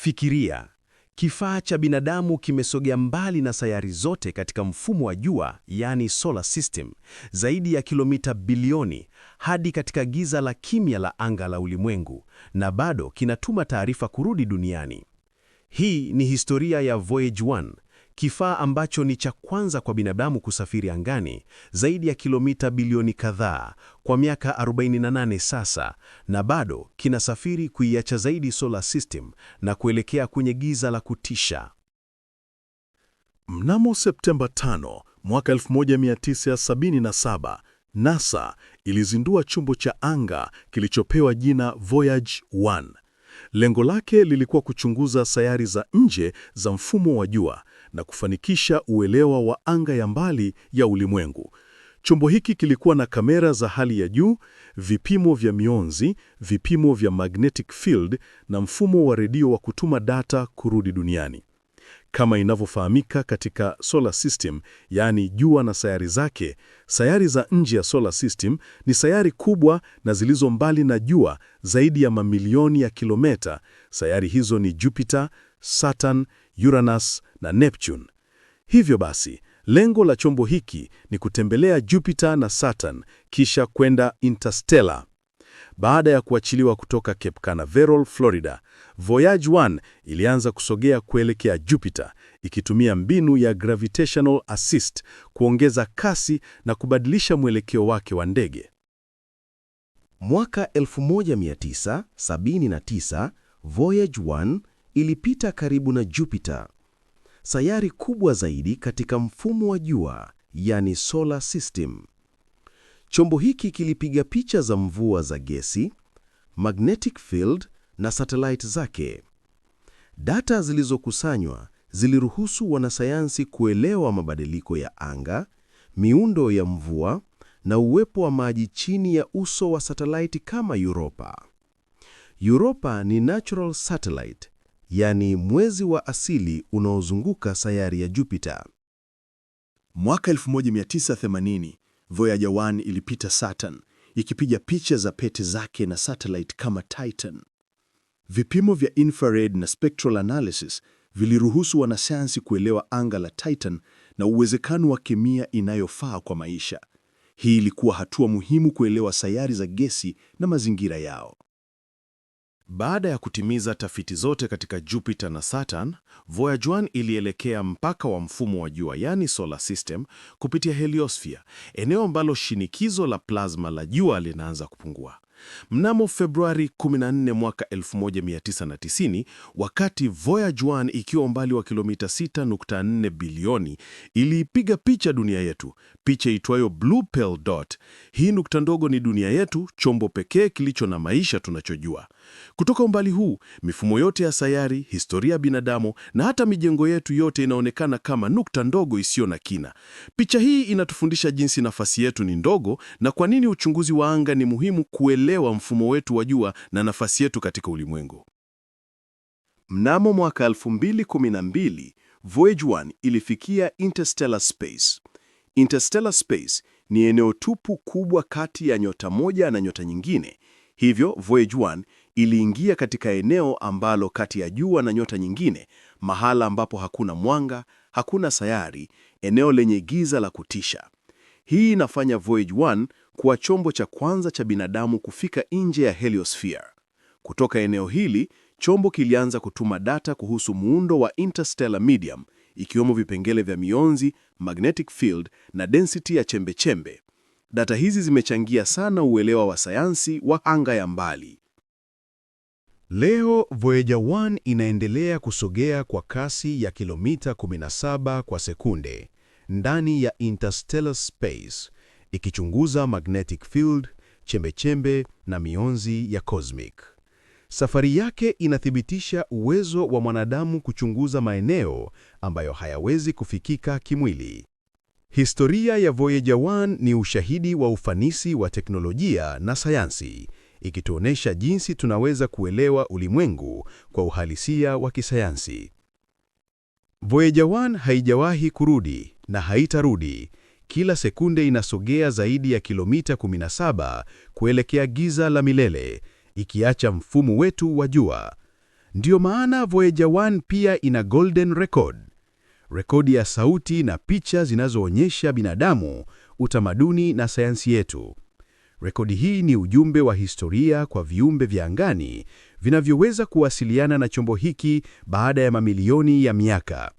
Fikiria, kifaa cha binadamu kimesogea mbali na sayari zote katika mfumo wa jua, yani solar system, zaidi ya kilomita bilioni hadi katika giza la kimya la anga la ulimwengu, na bado kinatuma taarifa kurudi duniani. Hii ni historia ya Voyage 1, kifaa ambacho ni cha kwanza kwa binadamu kusafiri angani zaidi ya kilomita bilioni kadhaa kwa miaka 48 sasa, na bado kinasafiri kuiacha zaidi solar system na kuelekea kwenye giza la kutisha. Mnamo Septemba 5 mwaka 1977 NASA ilizindua chombo cha anga kilichopewa jina Voyage 1. Lengo lake lilikuwa kuchunguza sayari za nje za mfumo wa jua na kufanikisha uelewa wa anga ya mbali ya ulimwengu. Chombo hiki kilikuwa na kamera za hali ya juu, vipimo vya mionzi, vipimo vya magnetic field na mfumo wa redio wa kutuma data kurudi duniani. Kama inavyofahamika katika solar system, yaani jua na sayari zake, sayari za nje ya solar system ni sayari kubwa na zilizo mbali na jua zaidi ya mamilioni ya kilometa. Sayari hizo ni Jupiter, Saturn, Uranus na Neptune. Hivyo basi, lengo la chombo hiki ni kutembelea Jupiter na Saturn kisha kwenda interstellar. Baada ya kuachiliwa kutoka Cape Canaveral, Florida, Voyage 1 ilianza kusogea kuelekea Jupiter ikitumia mbinu ya gravitational assist kuongeza kasi na kubadilisha mwelekeo wake wa ndege. Mwaka 1979, Voyage ilipita karibu na Jupiter, sayari kubwa zaidi katika mfumo wa jua, yani solar system. Chombo hiki kilipiga picha za mvua za gesi, magnetic field na satellite zake. Data zilizokusanywa ziliruhusu wanasayansi kuelewa mabadiliko ya anga, miundo ya mvua na uwepo wa maji chini ya uso wa satellite kama Europa. Europa ni natural satellite, yaani mwezi wa asili unaozunguka sayari ya Jupiter. Mwaka 1980 Voyager 1 ilipita Saturn ikipiga picha za pete zake na satellite kama Titan. Vipimo vya infrared na spectral analysis viliruhusu wanasayansi kuelewa anga la Titan na uwezekano wa kemia inayofaa kwa maisha. Hii ilikuwa hatua muhimu kuelewa sayari za gesi na mazingira yao. Baada ya kutimiza tafiti zote katika Jupiter na Saturn, Voyager 1 ilielekea mpaka wa mfumo wa jua, yaani solar system, kupitia heliosphere, eneo ambalo shinikizo la plasma la jua linaanza kupungua. Mnamo Februari 14 mwaka 1990, wakati Voyager 1 ikiwa umbali wa kilomita 6.4 bilioni, iliipiga picha dunia yetu, picha itwayo Blue Pearl Dot. Hii nukta ndogo ni dunia yetu, chombo pekee kilicho na maisha tunachojua. Kutoka umbali huu, mifumo yote ya sayari, historia ya binadamu na hata mijengo yetu yote inaonekana kama nukta ndogo isiyo na kina. Picha hii inatufundisha jinsi nafasi yetu ni ndogo na kwa nini uchunguzi wa anga ni muhimu kuelewa mfumo wetu wa jua na nafasi yetu katika ulimwengu. Mnamo mwaka 2012, Voyage 1 ilifikia interstellar space. Interstellar space ni eneo tupu kubwa kati ya nyota moja na nyota nyingine. Hivyo Voyage 1 iliingia katika eneo ambalo kati ya jua na nyota nyingine, mahala ambapo hakuna mwanga, hakuna sayari, eneo lenye giza la kutisha. Hii inafanya voyage 1 kuwa chombo cha kwanza cha binadamu kufika nje ya heliosphere. Kutoka eneo hili, chombo kilianza kutuma data kuhusu muundo wa interstellar medium, ikiwemo vipengele vya mionzi, magnetic field na density ya chembechembe. Data hizi zimechangia sana uelewa wa sayansi wa anga ya mbali. Leo Voyager 1 inaendelea kusogea kwa kasi ya kilomita 17 kwa sekunde ndani ya interstellar space, ikichunguza magnetic field, chembechembe na mionzi ya cosmic. Safari yake inathibitisha uwezo wa mwanadamu kuchunguza maeneo ambayo hayawezi kufikika kimwili. Historia ya Voyager 1 ni ushahidi wa ufanisi wa teknolojia na sayansi ikituonesha jinsi tunaweza kuelewa ulimwengu kwa uhalisia wa kisayansi. Voyager 1 haijawahi kurudi na haitarudi. Kila sekunde inasogea zaidi ya kilomita 17 kuelekea giza la milele, ikiacha mfumo wetu wa jua. Ndiyo maana Voyager 1 pia ina golden record, rekodi ya sauti na picha zinazoonyesha binadamu, utamaduni na sayansi yetu. Rekodi hii ni ujumbe wa historia kwa viumbe vya angani vinavyoweza kuwasiliana na chombo hiki baada ya mamilioni ya miaka.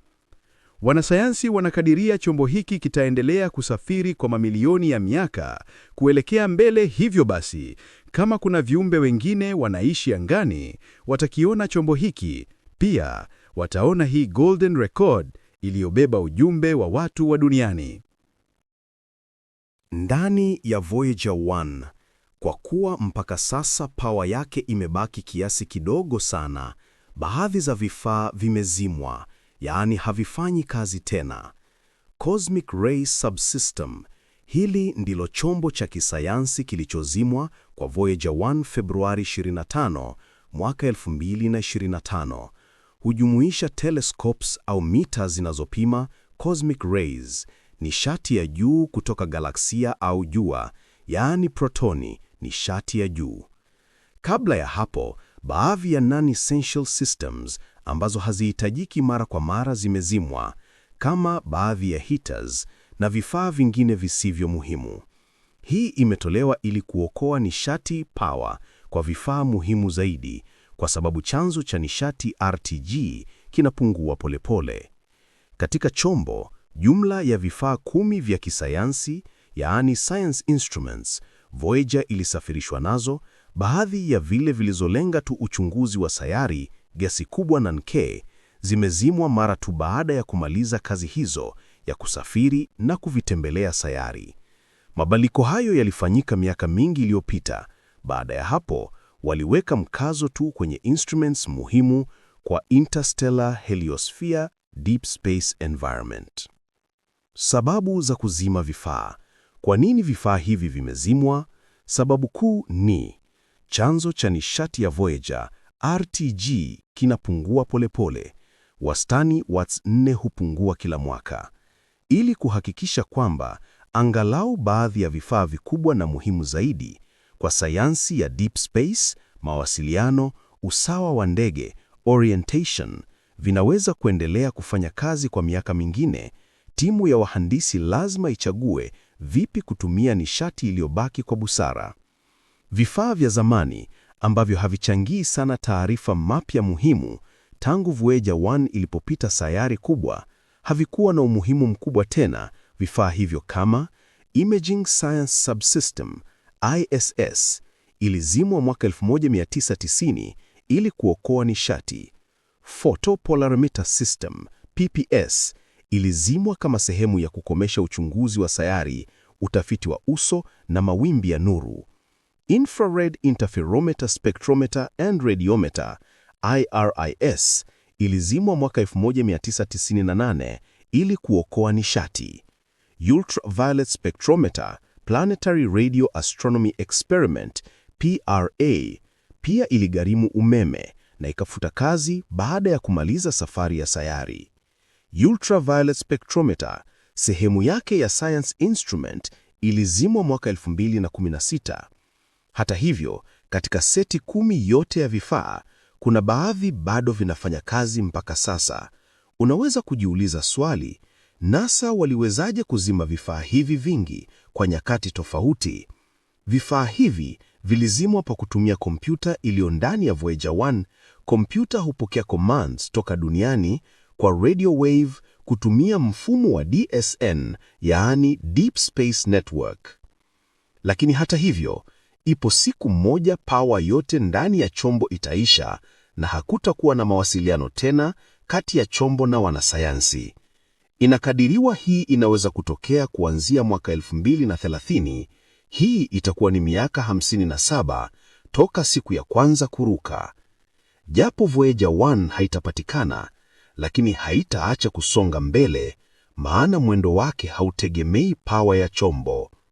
Wanasayansi wanakadiria chombo hiki kitaendelea kusafiri kwa mamilioni ya miaka kuelekea mbele. Hivyo basi, kama kuna viumbe wengine wanaishi angani, watakiona chombo hiki pia. Wataona hii golden record iliyobeba ujumbe wa watu wa duniani ndani ya Voyager 1. Kwa kuwa mpaka sasa pawa yake imebaki kiasi kidogo sana, baadhi za vifaa vimezimwa, yaani havifanyi kazi tena. Cosmic Ray Subsystem, hili ndilo chombo cha kisayansi kilichozimwa kwa Voyager 1 Februari 25 mwaka 2025. Hujumuisha telescopes au mita zinazopima cosmic rays nishati ya juu kutoka galaksia au jua, yaani protoni, nishati ya juu. Kabla ya hapo, baadhi ya non-essential systems ambazo hazihitajiki mara kwa mara zimezimwa, kama baadhi ya heaters na vifaa vingine visivyo muhimu. Hii imetolewa ili kuokoa nishati power kwa vifaa muhimu zaidi, kwa sababu chanzo cha nishati RTG kinapungua polepole. Katika chombo, Jumla ya vifaa kumi vya kisayansi, yaani science instruments, Voyager ilisafirishwa nazo, baadhi ya vile vilizolenga tu uchunguzi wa sayari, gesi kubwa na nke, zimezimwa mara tu baada ya kumaliza kazi hizo ya kusafiri na kuvitembelea sayari. Mabadiliko hayo yalifanyika miaka mingi iliyopita. Baada ya hapo, waliweka mkazo tu kwenye instruments muhimu kwa interstellar heliosphere, deep space environment. Sababu za kuzima vifaa. Kwa nini vifaa hivi vimezimwa? Sababu kuu ni chanzo cha nishati ya Voyager RTG kinapungua polepole. Wastani watts 4 hupungua kila mwaka. Ili kuhakikisha kwamba angalau baadhi ya vifaa vikubwa na muhimu zaidi kwa sayansi ya deep space, mawasiliano, usawa wa ndege, orientation, vinaweza kuendelea kufanya kazi kwa miaka mingine timu ya wahandisi lazima ichague vipi kutumia nishati iliyobaki kwa busara. Vifaa vya zamani ambavyo havichangii sana taarifa mapya muhimu tangu Voyager 1 ilipopita sayari kubwa, havikuwa na umuhimu mkubwa tena. Vifaa hivyo kama Imaging Science Subsystem ISS ilizimwa mwaka 1990 ili kuokoa nishati. Photopolarimeter System PPS ilizimwa kama sehemu ya kukomesha uchunguzi wa sayari, utafiti wa uso na mawimbi ya nuru. Infrared Interferometer Spectrometer and Radiometer IRIS ilizimwa mwaka 1998 ili kuokoa nishati. Ultraviolet Spectrometer Planetary Radio Astronomy Experiment PRA pia iligharimu umeme na ikafuta kazi baada ya kumaliza safari ya sayari ultraviolet spectrometer, sehemu yake ya science instrument ilizimwa mwaka 2016. Hata hivyo, katika seti kumi yote ya vifaa, kuna baadhi bado vinafanya kazi mpaka sasa. Unaweza kujiuliza swali, NASA waliwezaje kuzima vifaa hivi vingi kwa nyakati tofauti? Vifaa hivi vilizimwa kwa kutumia kompyuta iliyo ndani ya Voyager 1. Kompyuta hupokea commands toka duniani kwa radio wave kutumia mfumo wa DSN, yaani Deep Space Network. Lakini hata hivyo, ipo siku moja pawa yote ndani ya chombo itaisha na hakutakuwa na mawasiliano tena kati ya chombo na wanasayansi. Inakadiriwa hii inaweza kutokea kuanzia mwaka 2030. Hii itakuwa ni miaka 57 toka siku ya kwanza kuruka. Japo Voyager 1 haitapatikana, lakini haitaacha kusonga mbele, maana mwendo wake hautegemei pawa ya chombo,